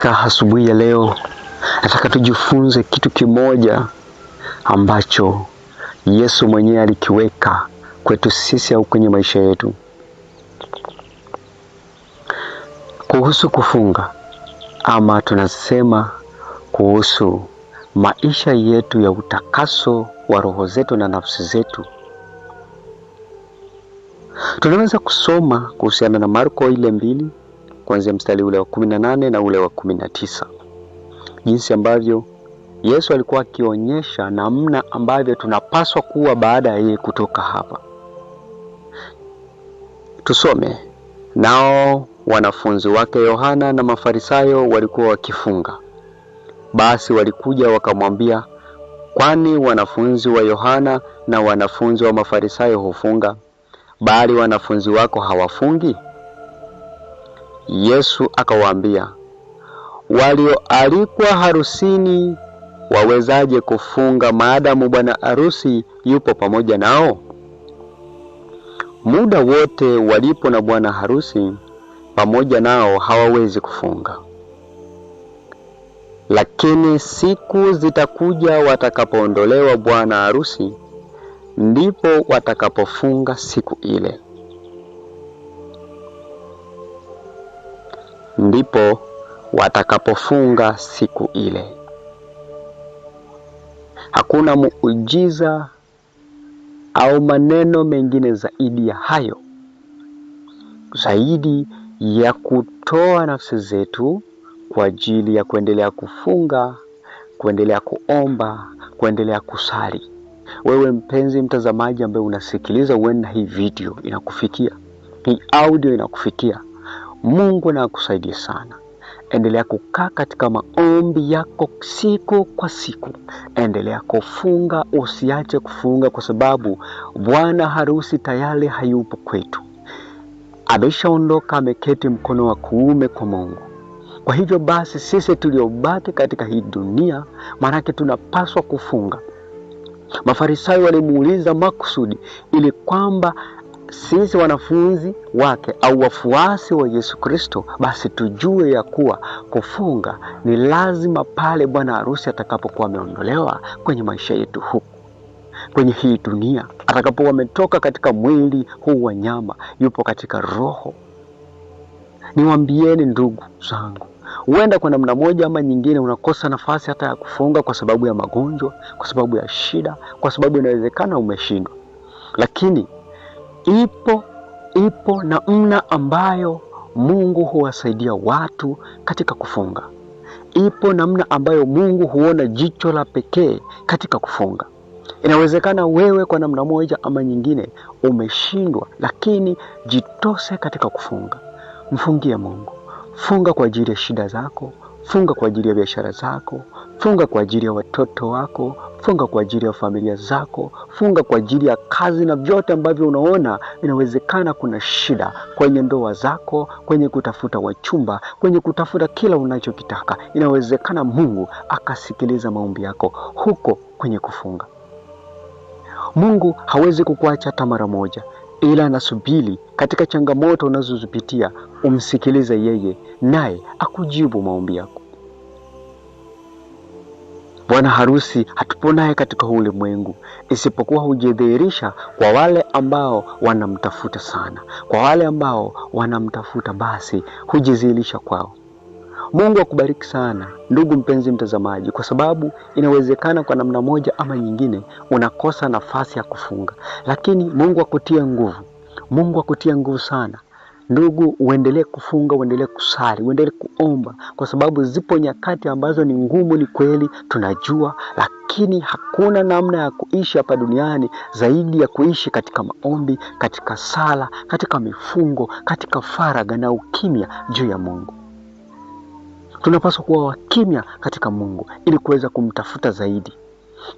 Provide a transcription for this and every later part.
Katika asubuhi ya leo nataka tujifunze kitu kimoja ambacho Yesu mwenyewe alikiweka kwetu sisi au kwenye maisha yetu kuhusu kufunga, ama tunasema kuhusu maisha yetu ya utakaso wa roho zetu na nafsi zetu. Tunaweza kusoma kuhusiana na Marko ile mbili kuanzia mstari ule wa kumi na nane na ule wa kumi na tisa jinsi ambavyo Yesu alikuwa akionyesha namna ambavyo tunapaswa kuwa baada ya yeye kutoka hapa. Tusome. Nao wanafunzi wake Yohana na Mafarisayo walikuwa wakifunga. Basi walikuja wakamwambia, kwani wanafunzi wa Yohana na wanafunzi wa Mafarisayo hufunga, bali wanafunzi wako hawafungi? Yesu akawaambia, walioalikwa harusini wawezaje kufunga maadamu bwana harusi yupo pamoja nao? Muda wote walipo na bwana harusi pamoja nao hawawezi kufunga, lakini siku zitakuja watakapoondolewa bwana harusi, ndipo watakapofunga siku ile. ndipo watakapofunga siku ile. Hakuna muujiza au maneno mengine zaidi ya hayo, zaidi ya kutoa nafsi zetu kwa ajili ya kuendelea kufunga, kuendelea kuomba, kuendelea kusali. Wewe mpenzi mtazamaji ambaye unasikiliza, huenda hii video inakufikia, hii audio inakufikia Mungu na akusaidie sana. Endelea kukaa katika maombi yako siku kwa siku, endelea kufunga, usiache kufunga, kwa sababu bwana harusi tayari hayupo kwetu, ameshaondoka, ameketi mkono wa kuume kwa Mungu. Kwa hivyo basi, sisi tuliobaki katika hii dunia, maanake tunapaswa kufunga. Mafarisayo walimuuliza makusudi ili kwamba sisi wanafunzi wake au wafuasi wa Yesu Kristo, basi tujue ya kuwa kufunga ni lazima pale bwana harusi atakapokuwa ameondolewa kwenye maisha yetu huku kwenye hii dunia, atakapokuwa ametoka katika mwili huu wa nyama, yupo katika roho. Niwaambieni ndugu zangu, huenda kwa namna moja ama nyingine unakosa nafasi hata ya kufunga kwa sababu ya magonjwa, kwa sababu ya shida, kwa sababu inawezekana umeshindwa, lakini Ipo ipo namna ambayo Mungu huwasaidia watu katika kufunga. Ipo namna ambayo Mungu huona jicho la pekee katika kufunga. Inawezekana wewe kwa namna moja ama nyingine umeshindwa, lakini jitose katika kufunga. Mfungie Mungu. Funga kwa ajili ya shida zako, funga kwa ajili ya biashara zako, funga kwa ajili ya watoto wako, funga kwa ajili ya familia zako, funga kwa ajili ya kazi na vyote ambavyo unaona inawezekana kuna shida kwenye ndoa zako, kwenye kutafuta wachumba, kwenye kutafuta kila unachokitaka. Inawezekana Mungu akasikiliza maombi yako huko kwenye kufunga. Mungu hawezi kukuacha hata mara moja, ila anasubiri katika changamoto unazozipitia umsikilize yeye, naye akujibu maombi yako. Bwana harusi hatupo naye katika ulimwengu, isipokuwa hujidhihirisha kwa wale ambao wanamtafuta sana. Kwa wale ambao wanamtafuta, basi hujidhihirisha kwao. Mungu akubariki sana ndugu mpenzi mtazamaji, kwa sababu inawezekana kwa namna moja ama nyingine unakosa nafasi ya kufunga, lakini Mungu akutie nguvu. Mungu akutie nguvu sana. Ndugu, uendelee kufunga, uendelee kusali, uendelee kuomba, kwa sababu zipo nyakati ambazo ni ngumu, ni kweli tunajua, lakini hakuna namna ya kuishi hapa duniani zaidi ya kuishi katika maombi, katika sala, katika mifungo, katika faraga na ukimya juu ya Mungu. Tunapaswa kuwa wakimya katika Mungu ili kuweza kumtafuta zaidi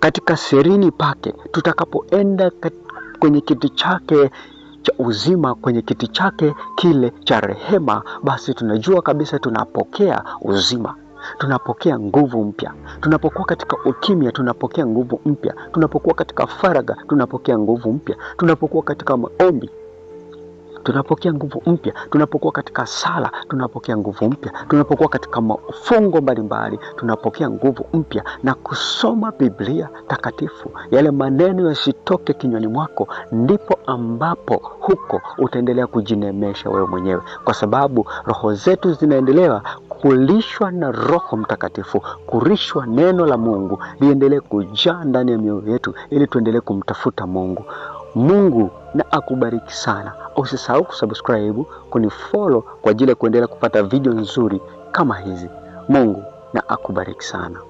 katika serini pake, tutakapoenda kwenye kiti chake cha uzima kwenye kiti chake kile cha rehema, basi tunajua kabisa tunapokea uzima tunapokea nguvu mpya. Tunapokuwa katika ukimya, tunapokea nguvu mpya. Tunapokuwa katika faraga, tunapokea nguvu mpya. Tunapokuwa katika maombi, tunapokea nguvu mpya. Tunapokuwa katika sala, tunapokea nguvu mpya. Tunapokuwa katika mafungo mbalimbali, tunapokea nguvu mpya na kusoma Biblia takatifu, yale maneno yasitoke kinywani mwako, ndipo ambapo huko utaendelea kujinemesha wewe mwenyewe, kwa sababu roho zetu zinaendelea kulishwa na Roho Mtakatifu, kurishwa neno la Mungu liendelee kujaa ndani ya mioyo yetu, ili tuendelee kumtafuta Mungu. Mungu na akubariki sana usisahau kusubscribe, kunifollow kwa ajili ya kuendelea kupata video nzuri kama hizi. Mungu na akubariki sana.